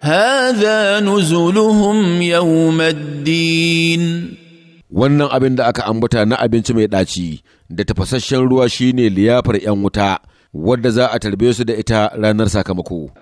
هذا نزلهم يوم الدين wannan abin da aka ambata na abinci mai ɗaci da tafasasshen ruwa shine liyafar 'yan wuta wadda za a tarbe su da ita ranar sakamako